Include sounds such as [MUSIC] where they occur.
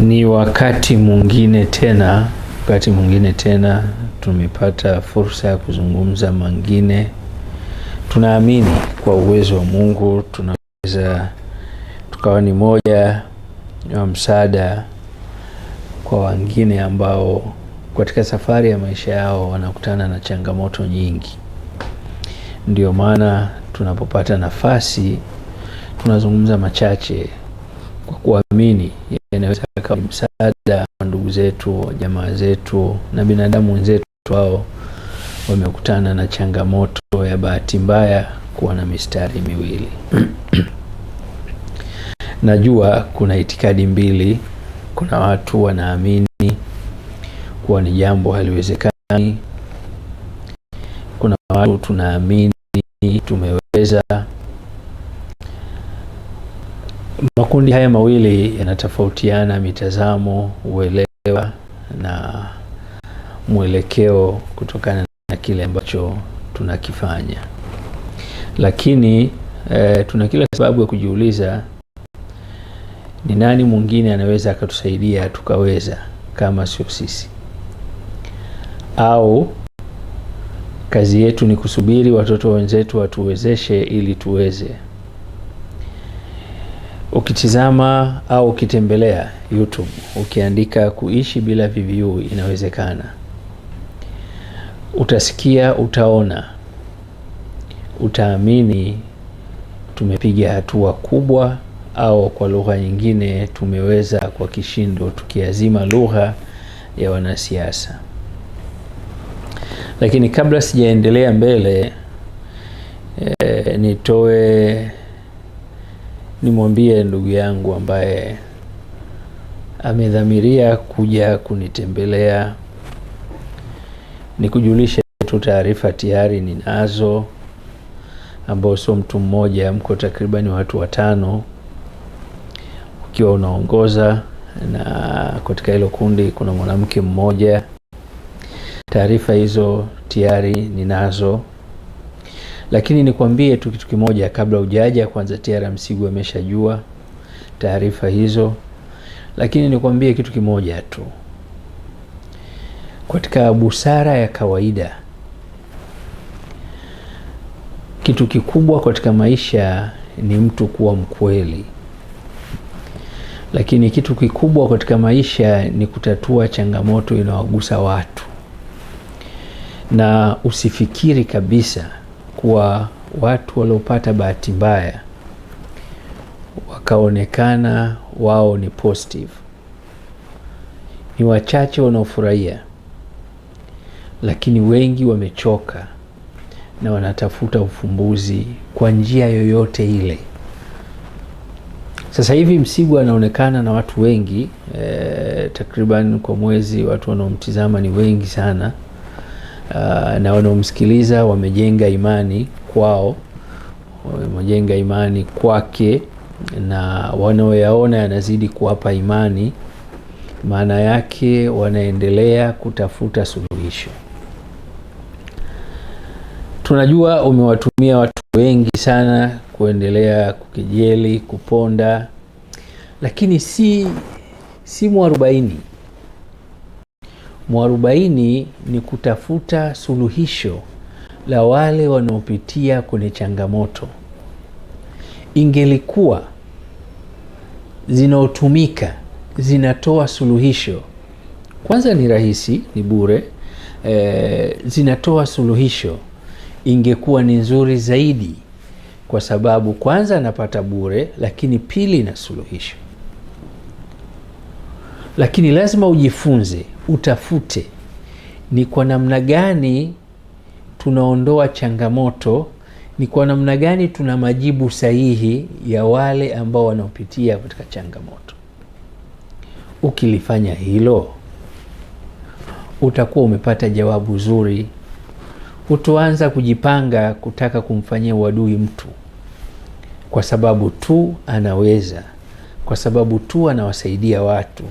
ni wakati mwingine tena, wakati mwingine tena tumepata fursa ya kuzungumza mengine. Tunaamini kwa uwezo wa Mungu tunaweza tukawa ni moja wa msaada kwa wengine ambao katika safari ya maisha yao wanakutana na changamoto nyingi. Ndio maana tunapopata nafasi tunazungumza machache kwa kuamini yanaweza msaada wa ndugu zetu, jamaa zetu na binadamu wenzetu hao wamekutana na changamoto ya bahati mbaya kuwa na mistari miwili. [CLEARS THROAT] Najua kuna itikadi mbili. Kuna watu wanaamini kuwa ni jambo haliwezekani, kuna watu tunaamini tumeweza Makundi haya mawili yanatofautiana mitazamo, uelewa na mwelekeo kutokana na kile ambacho tunakifanya, lakini e, tuna kila sababu ya kujiuliza ni nani mwingine anaweza akatusaidia tukaweza kama sio sisi? Au kazi yetu ni kusubiri watoto wenzetu watuwezeshe ili tuweze ukitizama au ukitembelea YouTube ukiandika kuishi bila VVU inawezekana, utasikia, utaona, utaamini tumepiga hatua kubwa, au kwa lugha nyingine tumeweza kwa kishindo, tukiazima lugha ya wanasiasa. Lakini kabla sijaendelea mbele, e, nitoe nimwambie ndugu yangu ambaye amedhamiria kuja kunitembelea, nikujulishe tu taarifa tayari ninazo, ambao sio mtu mmoja, mko takribani watu watano, ukiwa unaongoza na katika hilo kundi kuna mwanamke mmoja. Taarifa hizo tayari ninazo. Lakini nikwambie tu kitu kimoja, kabla ujaja kwanza, msigu Msigwa ameshajua taarifa hizo, lakini nikwambie kitu kimoja tu, katika busara ya kawaida, kitu kikubwa katika maisha ni mtu kuwa mkweli, lakini kitu kikubwa katika maisha ni kutatua changamoto inawagusa watu, na usifikiri kabisa kuwa watu waliopata bahati mbaya wakaonekana wao ni positive, ni wachache wanaofurahia, lakini wengi wamechoka na wanatafuta ufumbuzi kwa njia yoyote ile. Sasa hivi msigu anaonekana na watu wengi e, takriban kwa mwezi watu wanaomtizama ni wengi sana. Uh, na wanaomsikiliza wamejenga imani kwao, wamejenga imani kwake, na wanaoyaona yanazidi kuwapa imani. Maana yake wanaendelea kutafuta suluhisho. Tunajua umewatumia watu wengi sana kuendelea kukijeli, kuponda, lakini si si mwarobaini Mwarobaini ni kutafuta suluhisho la wale wanaopitia kwenye changamoto. Ingelikuwa zinaotumika zinatoa suluhisho, kwanza ni rahisi, ni bure, e, zinatoa suluhisho, ingekuwa ni nzuri zaidi, kwa sababu kwanza anapata bure, lakini pili na suluhisho lakini lazima ujifunze, utafute ni kwa namna gani tunaondoa changamoto, ni kwa namna gani tuna majibu sahihi ya wale ambao wanaopitia katika changamoto. Ukilifanya hilo, utakuwa umepata jawabu zuri, hutoanza kujipanga kutaka kumfanyia uadui mtu kwa sababu tu anaweza, kwa sababu tu anawasaidia watu.